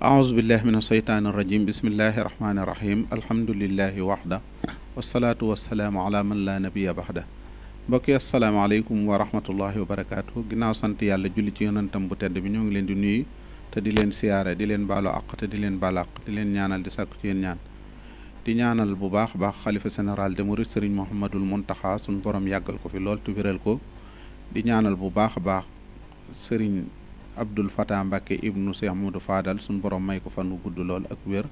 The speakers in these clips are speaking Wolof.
ahousubillah min asheytaan irajim bismillahi irahmani irahim alhamdulilahi waxda wasalaatu wasalaamu alaa man laa nabiya baxda mbokk yi asalaamaaleykum wa rahmatullahi wa barakaatu ginnaaw sant yàlla julli ci yonantam bu tedd bi ñoo ngi leen di nuyu te di leen siyaare di leen baalu àq te di leen baal àq di leen ñaanal di sàkku ci yéen ñaan di ñaanal bu baax baax xalifa général de Mouride Serigne Mouhamadul Mountakha suñu borom yàggal ko fi lool tu wéral ko di ñaanal bu baax a baax Abdul Fatah Mbacke ibnu Cheikh Modou faadal suñ borom may ko fan wu gudd lool ak wér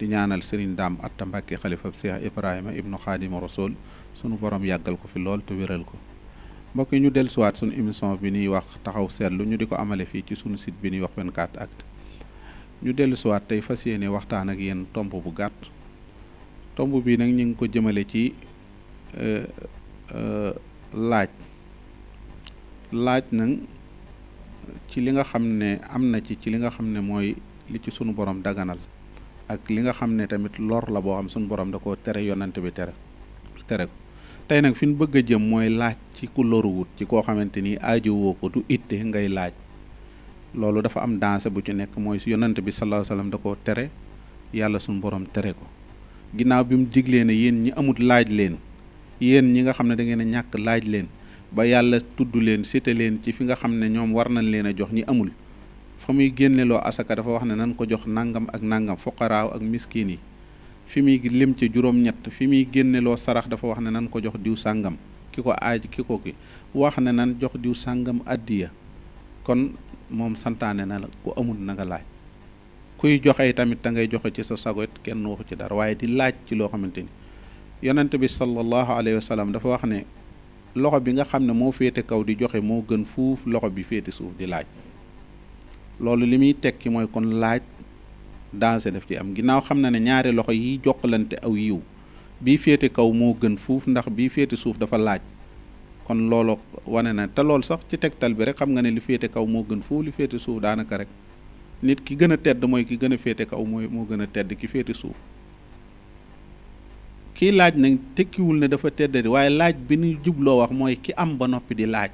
di ñaanal Serigne Dame Atta Mbacke xalifab Cheikh Ibrahima ibnu Xaadima Rasul sunu boroom yàggal ko fi lool te wéral ko mbokk yi ñu dellusiwaat suñu émission bi ñuy wax taxaw seetlu ñu di ko amale fii ci sunu site bi ñuy wax 24 actu ñu dellusiwaat tey fas yéene waxtaan ak yéen tomb bu gàtt tomb bii nag ñu ngi ko jëmale ci euh, euh, laaj laaj nag ci li nga xam ne am na ci ci li nga xam ne mooy li ci sunu borom daganal ak li nga xam ne tamit lor la boo xam sunu borom da koo tere yonante bi tere tere ko tey nag fi ñu bëgg a jëm mooy laaj ci ku loruwut ci koo xamante ni aajowoo ko du itte ngay laaj loolu dafa am danse bu ci nekk mooy yonante bi sallallahu alayhi wasallam da koo tere yàlla sunu borom tere ko ginnaaw bi mu diglee ne yéen ñi amut laaj leen yéen ñi nga xam ne dangeen ñàkk laaj leen. ba yàlla tudd leen cité leen ci fi nga xam ne ñoom war nañ leen a jox ñi amul fa muy génneloo asaka dafa wax ne nan ko jox nangam ak nangam foqaraaw ak miskin yi fi muy lim ci juróom-ñett fi muy génneloo sarax dafa wax ne nan ko jox diw sàngam ki ko aaj ki ko ki wax ne nan jox diw sàngam addiya kon moom santaane na la ku amul na nga laaj kuy joxe tamit da ngay joxe ci sa sagot kenn waxu ci dara waaye di laaj ci loo xamante ni yonent bi sallallahu alayhi wa dafa wax ne loxo bi nga xam ne moo féete kaw di joxe moo gën fuuf loxo bi féete suuf di laaj loolu li muy tekki mooy kon laaj danse def ci am ginnaaw xam na ne ñaari loxo yi jokkalante aw yiw bii féete kaw moo gën fuuf ndax bii féete suuf dafa laaj kon looloo wane na te loolu sax ci tegtal bi rek xam nga ne li féete kaw moo gën fuuf li féete suuf daanaka rek nit ki gën a tedd mooy ki gën a féete kaw mooy moo gën a tedd ki féete suuf kii laaj na tekkiwul ne dafa teddadi waaye laaj bi ñu jubloo wax mooy ki am ba noppi di laaj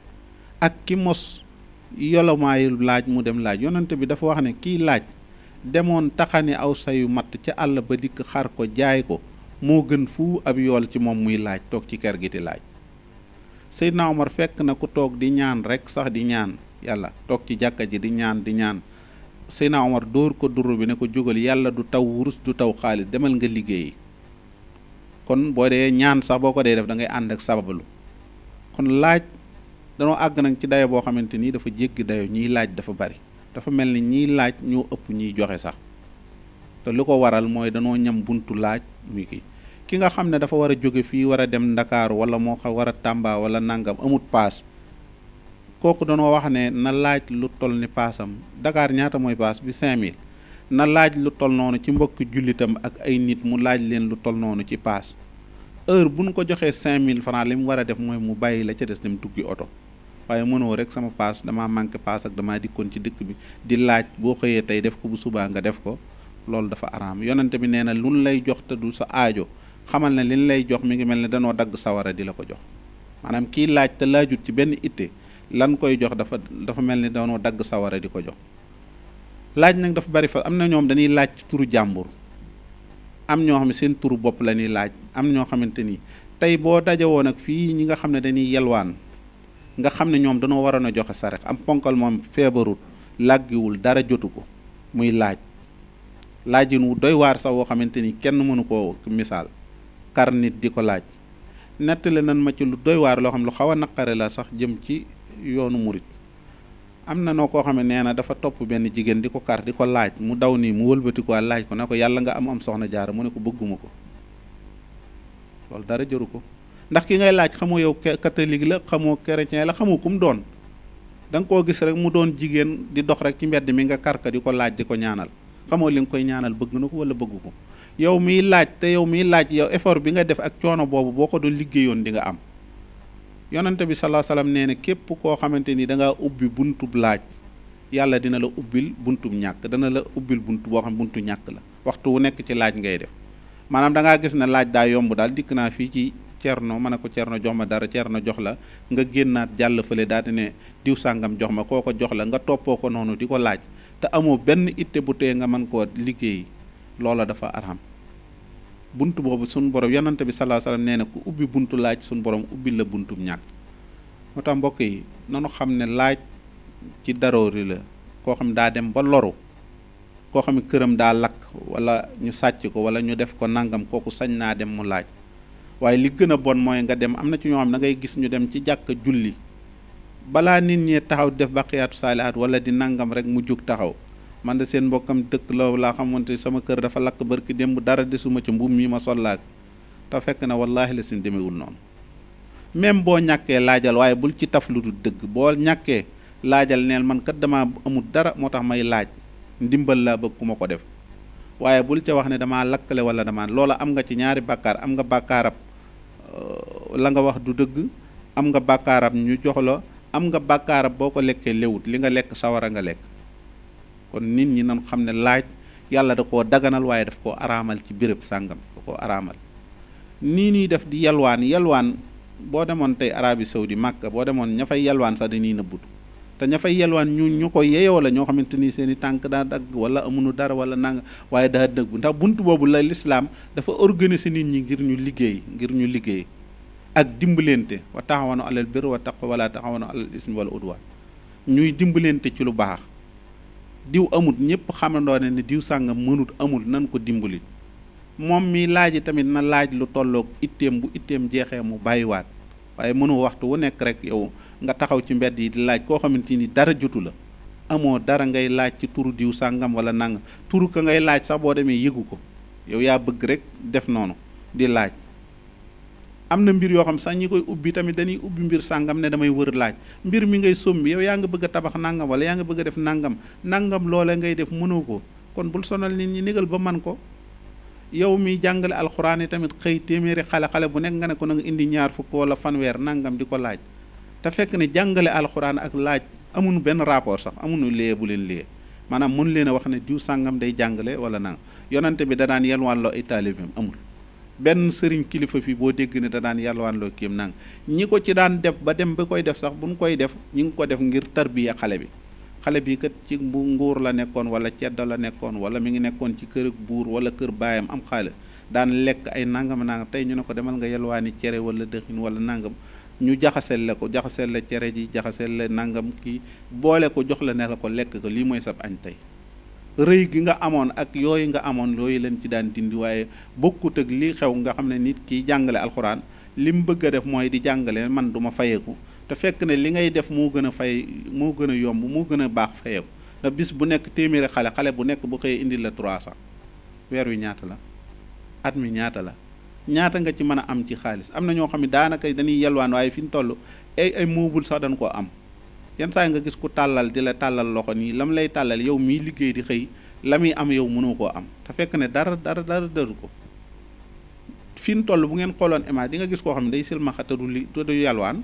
ak ki mos yolomaayu laaj mu dem laaj yonante bi dafa wax ne kii laaj demoon taxani aw sayu matt ca àll ba dikk xar ko jaay ko moo gën fu ab yool ci moom muy laaj toog ci kër gi di laaj Seydina Omar fekk na ku toog di ñaan rekk sax di ñaan yàlla toog ci jàkkar ji di ñaan di ñaan Seydina Omar dóor ko duru bi ne ko jógal yàlla du taw wurus du taw xaalis demal nga liggéey kon boo dee ñaan sax boo ko dee def da ngay ànd ak sababalu kon laaj danoo àgg nag ci dayo boo xamante nii dafa jéggi dayo ñiy laaj dafa bari dafa mel ni ñiy laaj ñoo ëpp ñuy joxe sax te lu ko waral mooy danoo ñam buntu laaj muy kii ki nga xam ne dafa war a jóge fii war a dem ndakaaru wala moo xam war a tàmba wala nangam amut paas kooku danoo wax ne na laaj lu toll ne paasam Dakar ñaata mooy paas bi 5000 na laaj lu tol noonu ci mbokk jullitam ak ay nit mu laaj leen lu tol noonu ci paas heure bu nu ko joxee cinq mille francs li mu war a def mooy mu bàyyi la ca des dem tukki oto waaye mënoo rek sama paas damaa manqué paas ak damaa dikkoon ci dëkk bi di laaj boo xëyee tey def ko bu subaa nga def ko loolu dafa araam yonente bi nee na luñ lay jox te du sa aajo xamal ne liñ lay jox mi ngi mel ne danoo dagg sawara di la ko jox maanaam kii laaj te laajut ci benn itte lan koy jox dafa dafa mel ni danoo dagg sawara di ko jox laaj nag dafa bari fa am na ñoom dañuy laaj ci turu jàmbur am ñoo xam seen turu bopp la laaj am ñoo xamante ni tey boo dajewoon ak fii ñi nga xam ne dañuy yelwaan nga xam ne ñoom dañoo waroon a joxe sarax am ponkal moom feebarut làggiwul dara jotu ko muy laaj laajin wu doy waar sax woo xamante ni kenn mënu koo misaal kar nit di ko laaj nettale nan ma ci lu doy waar loo xam lu xaw a naqare la sax jëm ci yoonu murit am na noo koo xam ne nee na dafa topp benn jigéen di ko kar di ko laaj mu daw nii mu wëlbati ko laaj ko na ko yàlla nga am am soxna jaara mu ne ko bëgguma ko loolu dara jëru ko ndax ki ngay laaj xamoo yow catholique la xamoo chrétien la xamoo ku mu doon danga koo gis rek mu doon jigéen di dox rek ci mbedd mi nga karka di ko laaj di ko ñaanal xamoo li nga koy ñaanal bëgg na ko wala bëgg ko yow miy laaj te yow miy laaj yow effort bi nga def ak coono boobu boo ko doon liggéeyoon di nga am yonante bi salaa salaam nee na képp koo xamante ni danga ubbi buntub laaj yàlla dina la ubbil buntub ñàkk dana la ubbil bunt boo xam buntu ñàkk la waxtu wu nekk ci laaj ngay def maanaam da gis ne laaj daa yomb daal dikk naa fii ci noo ma ne ko cerno jox ma dara cerno jox la nga génnaat jàll fële daal di ne diw sàngam jox ma koo ko jox la nga toppoo ko noonu di ko laaj te amoo benn itte bu tee nga man koo liggéey loola dafa aram bunt boobu suñu borom yonante bi salaa salaam nee na ku ubbi buntu laaj suñu borom ubbi la buntum ñàkk moo tax mbokk yi nanu xam ne laaj ci daroori la koo xam daa dem ba loru koo xam ne këram daa lakk wala ñu sàcc ko wala ñu def ko nangam kooku sañ naa dem mu laaj waaye li gën a bon mooy nga dem am na ci ñoo xam da ngay gis ñu dem ci jàkka julli balaa nit ñee taxaw def baqiyaatu saalihaat wala di nangam rek mu jóg taxaw man da seen mbokkam dëkk la laa xamante sama kër dafa lakk barki démb dara desuma ci mbubb mi ma sollaak te fekk na wallaahi la suñ demewul noonu même boo ñàkkee laajal waaye bul ci taf lu dul dëgg boo ñàkkee laajal neel man kat dama amul dara moo tax may laaj ndimbal la bëgg ku ma ko def waaye bul ca wax ne damaa lakkale wala damaa loola am nga ci ñaari bàkkaar am nga bàkkaarab euh, la nga wax du dëgg am nga bàkkaarab ñu jox la am nga bàkkaarab boo ko lekkee léwut li nga lekk sawara nga lekk kon nit ñi nan xam ne laaj yàlla da koo daganal waaye daf koo araamal ci béréb sàngam da koo araamal nii nii def di yalwaan yalwaan boo demoon tey Arabie Saoudi Màkka boo demoon ña fay yalwaan sax dañuy nëbbutu te ña fay yalwaan ñu ko yeyoo la ñoo xamante ni seen i tànk daa dagg wala amuñu dara wala nanga waaye daa dëgg ndax bunt boobu la lislaam dafa organiser nit ñi ngir ñu liggéey ngir ñu liggéey ak dimbalante wa taxawanu alal birri wa taqwa wala taxawanu alal ismi wala udwaan ñuy ci lu baax diw amut ñëpp xamandoo ne ne diw sàngam mënut amul nan ko dimbali moom mi laaj tamit na laaj lu tolloog itteem bu itteem jeexee mu bàyyiwaat waaye mënu waxtu wu nekk rek yow nga taxaw ci mbedd yi di laaj koo xamante ni dara jotu la amoo dara ngay laaj ci turu diw sàngam wala nang turu ka ngay laaj sax boo demee yëgu ko yow yaa bëgg rek def noonu di laaj am na mbir yoo xam sax ñi koy ubbi tamit dañuy ubbi mbir sàngam ne damay wër laaj mbir mi ngay sombi yow yaa nga bëgg a tabax nangam wala yaa nga bëgg a def nangam nangam loola ngay def mënoo ko kon bul sonal nit ñi nigal ba man ko yow mi jàngale alxuraan yi tamit xëy téeméeri xale xale bu nekk nga ne ko na indi ñaar fukk wala fanweer nangam di ko laaj te fekk ne jàngale alxuraan ak laaj amuñu benn rapport sax amuñu lee bu leen lee maanaam mën leen a wax ne diw sàngam day jàngale wala nang yonante bi danaan yelwaan loo ay taalibeem amul benn sëriñ kilifa fii boo dégg ne da daan yàlwaan loo kiim nàng ñi ko ci daan def ba dem ba koy def sax bu buñ koy def ñu ngi ko def ngir tarbiya xale bi xale bii kat ci bu nguur la nekkoon wala cedda la nekkoon wala mu ngi nekkoon ci kër buur wala kër baayam am xaalis daan lekk ay nangam nangam tey ñu ne ko demal nga yalwaani cere wala dëxin wala nangam ñu jaxaseel la ko jaxasel la cere ji jaxaseel la nangam kii boole ko jox la ne la ko lekk ko lii mooy sab añ tey rëy gi nga amoon ak yooyu nga amoon looyu leen ci daan dindi waaye bokkut ak lii xew nga xam ne nit kiy jàngale alxuraan li mu bëgg def mooy di jàngale man duma ma fayeeku te fekk ne li ngay def moo gën a fay moo gën a yomb moo gën a baax fayeeku te bis bu nekk téeméeri xale xale bu nekk bu xëyee indi la 300 weer wi ñaata la at mi ñaata la ñaata nga ci mën a am ci xaalis am na ñoo xam ne daanaka dañuy yelwaan waaye fi ñu toll ay ay sax dañ koo am yenn saa nga gis ko tàllal di la tàllal loxo nii lam lay tàllal yow miy liggéey di xëy la muy am yow mënoo koo am te fekk ne dara dara dara dëru ko fi mu toll bu ngeen xooloon image di nga gis koo xam ne day silmaxa te du li te yalwaan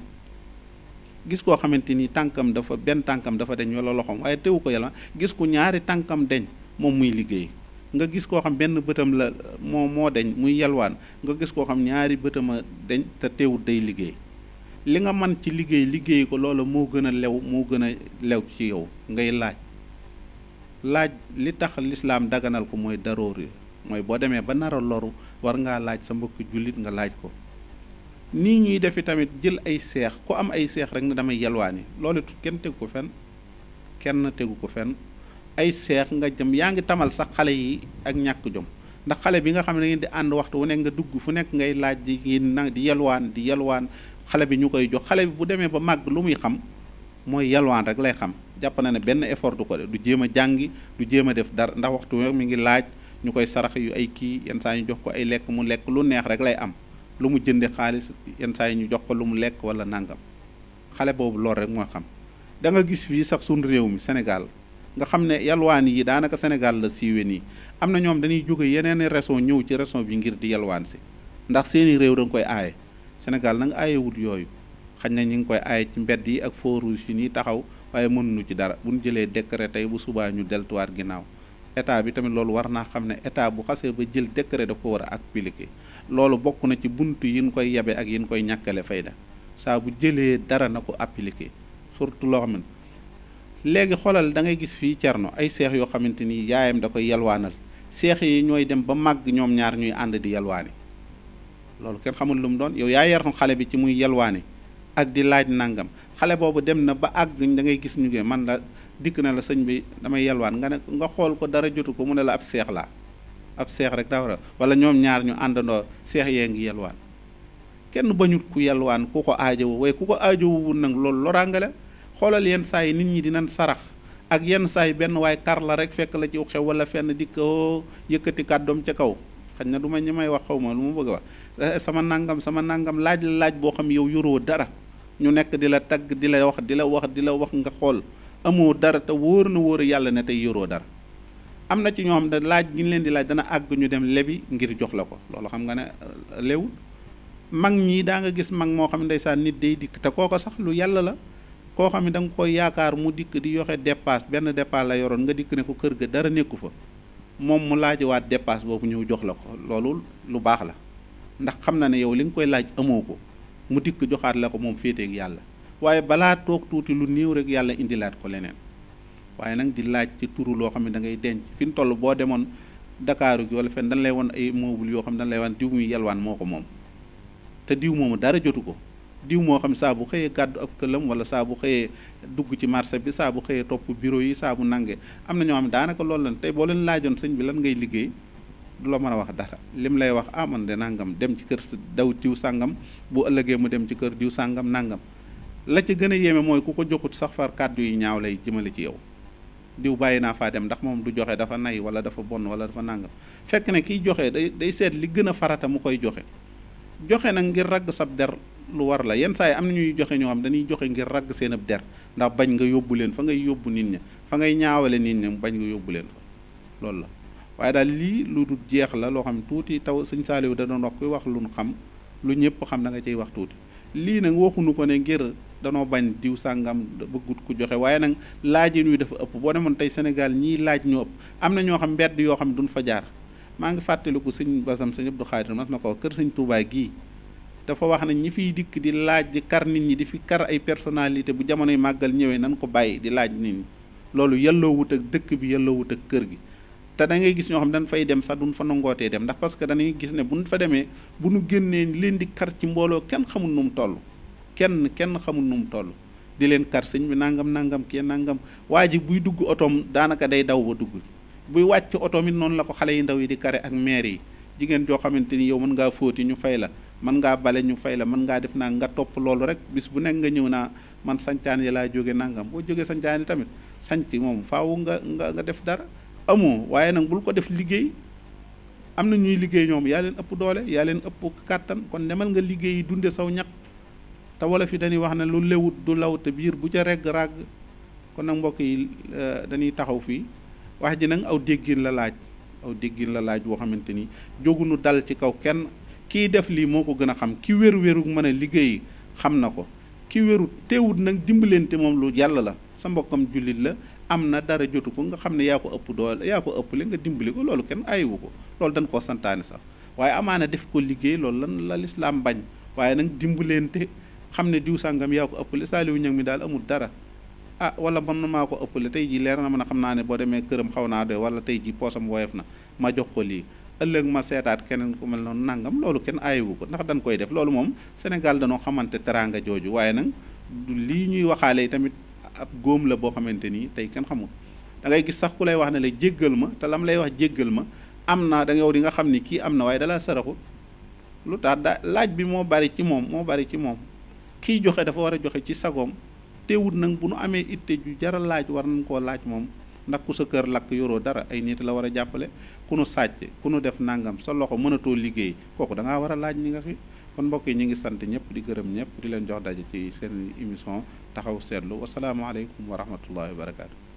gis koo xamante ni tànkam dafa benn tànkam dafa deñ wala loxoom waaye tewu ko yalwaan gis ko ñaari tànkam deñ moom muy liggéey nga gis koo xam benn bëtam la moo moo deñ muy yalwaan nga gis koo xam ñaari bëtam a deñ te teewut day liggéey li nga man ci liggéey liggéey ko loola moo gën a lew moo gën a lew ci yow ngay laaj laaj li tax lislaam daganal ko mooy daroori mooy boo demee ba nara loru war ngaa laaj sa mbokk jullit nga laaj ko nii ñuy defi tamit jël ay seex ku am ay seex rek ne damay yalwaani loolu kenn tegu ko fenn kenn tegu ko fen ay seex nga jëm yaa ngi tamal sax xale yi ak ñàkk jom ndax xale bi nga xam ne da di ànd waxtu wu nekk nga dugg fu nekk ngay laaj di ngeen di yalwaan di yalwaan xale bi ñu koy jox xale bi bu demee ba màgg lu muy xam mooy yalwaan rek lay xam jàpp na ne benn effort du ko def du jéem a jàngi du jéem a def dara ndax waxtu mi ngi laaj ñu koy sarax yu ay kii yenn saa ñu jox ko ay lekk mu lekk lu neex rek lay am lu mu jënde xaalis yenn yi ñu jox ko lu mu lekk wala nangam xale boobu lool rek mooy xam da gis fii sax suñ réew mi Sénégal nga xam ne yalwaan yi daanaka Sénégal la siiwee nii am na ñoom dañuy jóge yeneen région ñëw ci région bi ngir di yalwaan si ndax seeni réew da koy aaye Sénégal nag aayewut yooyu xañ na ñu ngi koy aaye ci mbedd yi ak feux yi nii taxaw waaye mënuñu ci dara bu ñu jëlee décret tey bu subaa ñu deltuwaat ginnaaw état bi tamit loolu war naa xam ne état bu xasee ba jël décret daf ko war a appliquer loolu bokk na ci bunt yi ñu koy yabe ak yi ñu koy ñàkkale fayda saa bu jëlee dara na ko appliquer surtout loo xam ne léegi xoolal da ngay gis fii cerno ay seex yoo xamante ni yaayam da koy yalwaanal seex yi ñooy dem ba màgg ñoom ñaar ñuy ànd di yalwaani loolu kenn xamul lu mu doon yow yaa yar xale bi ci muy yalwaane ak di laaj nàngam xale boobu dem na ba àgg da ngay gis ñu ngi man la dikk na la sëñ bi damay yalwaan nga ne nga xool ko dara jotu ko mu ne la ab seex laa ab seex rek daa war wala ñoom ñaar ñu àndandoo seex yee ngi yalwaan kenn bañut ku yalwaan ku ko aajowu waaye ku ko aajowuwul nag loolu loraange la xoolal yenn saa yi nit ñi dinañ sarax ak yenn saa yi benn waay kar la rek fekk la ci xew wala fenn dikk yëkkati kàddoom ca kaw xañ na du ma ñi may wax xaw ma lu mu bëgg wax eh, sama nangam sama nangam laaj la laaj boo xam yow yoroo dara ñu nekk di la tagg di la wax di la wax di la wax nga xool amoo dara te wóor na wóor yàlla ne tey yoroo dara am na ci ñoo xam laaj gi leen di laaj dana àgg ñu dem lebi ngir jox la ko loolu xam nga ne euh, léwul mag ñii daa nga gis mag moo xam ne ndeysaan nit day dikk te kooko sax lu yàlla la koo xam ne da nga koy yaakaar mu dikk di yoxe dépasse benn dépasse la yoroon nga dikk ne ko kër ga dara nekku fa moom mu laajiwaat dépasse boobu ñëw jox la ko loolu lu baax la ndax xam na ne yow li nga koy laaj amoo ko mu dikk joxaat la ko moom féeteeg yàlla waaye balaa toog tuuti lu néew rek yàlla indilaat ko leneen waaye nag di laaj ci turu loo xam ne da ngay denc fi mu toll boo demoon Dakaaru gi wala fenn dañ lay won ay meubles yoo xam ne dañ lay wan diw muy yalwaan moo ko moom te diw moomu dara jotu ko diw moo xam saa bu xëyee kàddu ab këlam wala saa bu xëyee dugg ci marché bi saa xëyee topp bureau yi saabu nange am na ñoo xam ne daanaka loolu lan tey boo leen laajoon sëñ bi lan ngay liggéey du la mën a wax dara lim lay wax ah man de nangam dem ci kër daw diw sàngam boo ëllëgee mu dem ci kër diw sàngam nangam la ci gën a yéeme mooy ku ko joxut sax far kàddu yi ñaaw lay jëmale ci yow diw bàyyi naa faa dem ndax moom du joxe dafa nay wala dafa bon wala dafa nangam fekk ne kiy joxe day day seet li gën a farata mu koy joxe joxe nag ngir ragg sab der lu war la yenn saa yi am na ñuy joxe ñoo xam dañuy joxe ngir ragg seen ab der ndax bañ nga yóbbu leen fa ngay yóbbu nit ña fa ngay ñaawale nit ña bañ nga yóbbu leen fa loolu la waaye daal lii lu dul jeex la loo xam tuuti taw sëñ Saaliw da doon wax kuy wax lu xam lu ñëpp xam da nga cay wax tuuti lii nag waxuñu ko ne ngir danoo bañ diw sàngam bëggut ku joxe waaye nag laaj laajin wi dafa ëpp boo ne demoon tey Sénégal ñii laaj ñoo ëpp am na ñoo xam mbedd yoo xam duñ fa jaar maa ngi fàttaliku sëñ Basam sëñ Abdou Xaadir mas na ko kër sëñ Tuubaa gii dafa wax ne ñi fiy dikk di laaj di kar nit ñi di fi kar ay personnalité bu jamonoy màggal ñëwee nan ko bàyyi di laaj nit ñi loolu wut ak dëkk bi yelloowut ak kër gi te da ngay gis ñoo xam ne dañ fay dem sax duñ fa nangootee dem ndax parce que dañuy gis ne buñ fa demee bu nu génnee leen di kar ci mbooloo kenn xamul nu mu toll kenn kenn xamul nu mu toll di leen kar sëñ bi nangam nangam kii nangam waa ji buy dugg otoom daanaka day daw ba dugg buy wàcc otoom it noonu la ko xale yi ndaw yi di kare ak maire yi jigéen joo xamante ni yow mën ngaa fóoti ñu fay la mën ngaa bale ñu fay la mën ngaa def naa nga topp loolu rek bis bu nekk nga ñëw naa man sañcaan yi laa jóge nangam boo jógee sañcaan yi tamit sanc moom faaw nga nga nga def dara amoo waaye nag bul ko def liggéey am na ñuy liggéey ñoom yaa leen ëpp doole yaa leen ëpp kàttan kon demal nga liggéey dunde saw ñaq te wolof yi dañuy wax na lu lewut du law te biir bu ca regg ràgg kon nag mbokk yi euh, dañuy taxaw fii wax ji nag aw déggin la laaj aw déggin la laaj boo xamante ni jógunu dal ci kaw kenn kii def lii moo ko gën a xam ki wéru wéru mën a liggéey xam na ko ki wéru teewut nag dimbaleente moom lu yàlla la sa mbokkam jullit la am na dara jotu ko nga xam ne yaa ko ëpp doole yaa ko ëppale nga dimbali ko loolu kenn ko loolu dañ koo santaane sax waaye amaana def ko liggéey loolu lan la lislaam bañ waaye nag dimbalante xam ne diw sàngam yaa ko ëppale saaliwu ñag mi daal amul dara ah wala man maa ko ëpp ëppale tey jii leer na mën a xam naa ne boo demee këram xaw naa doy wala tey ji poosam woyof na ma jox ko lii ëllëg ma seetaat keneen ko mel noonu nangam loolu kenn aayewu ko ndax dañ koy def loolu moom Sénégal danoo xamante teraanga jooju waaye nag lii ñuy waxaale tamit ab góom la boo xamante ni tey kenn xamul da ngay gis sax ku lay wax ne la jéggal ma te lam lay wax jéggal ma am na da nga yow nga xam ni kii am na waaye dalaa saraxul lu tax da laaj bi moo bari ci moom moo bari ci moom kiy joxe dafa war a joxe ci sagoom teewut nag bu nu amee itte ju jara laaj war nañ koo laaj moom ndax ku sa kër lakk yoroo dara ay nit la war a jàppale ku nu sàcc ku nu def nangam sa loxo mënatoo liggéey kooku da ngaa war a laaj ñi nga fi kon mbokk yi ñu ngi sant ñëpp di gërëm ñëpp di leen jox daje ci seen émission taxaw seetlu wasalaamaaleykum wa rahmatullahi wa barakaatu.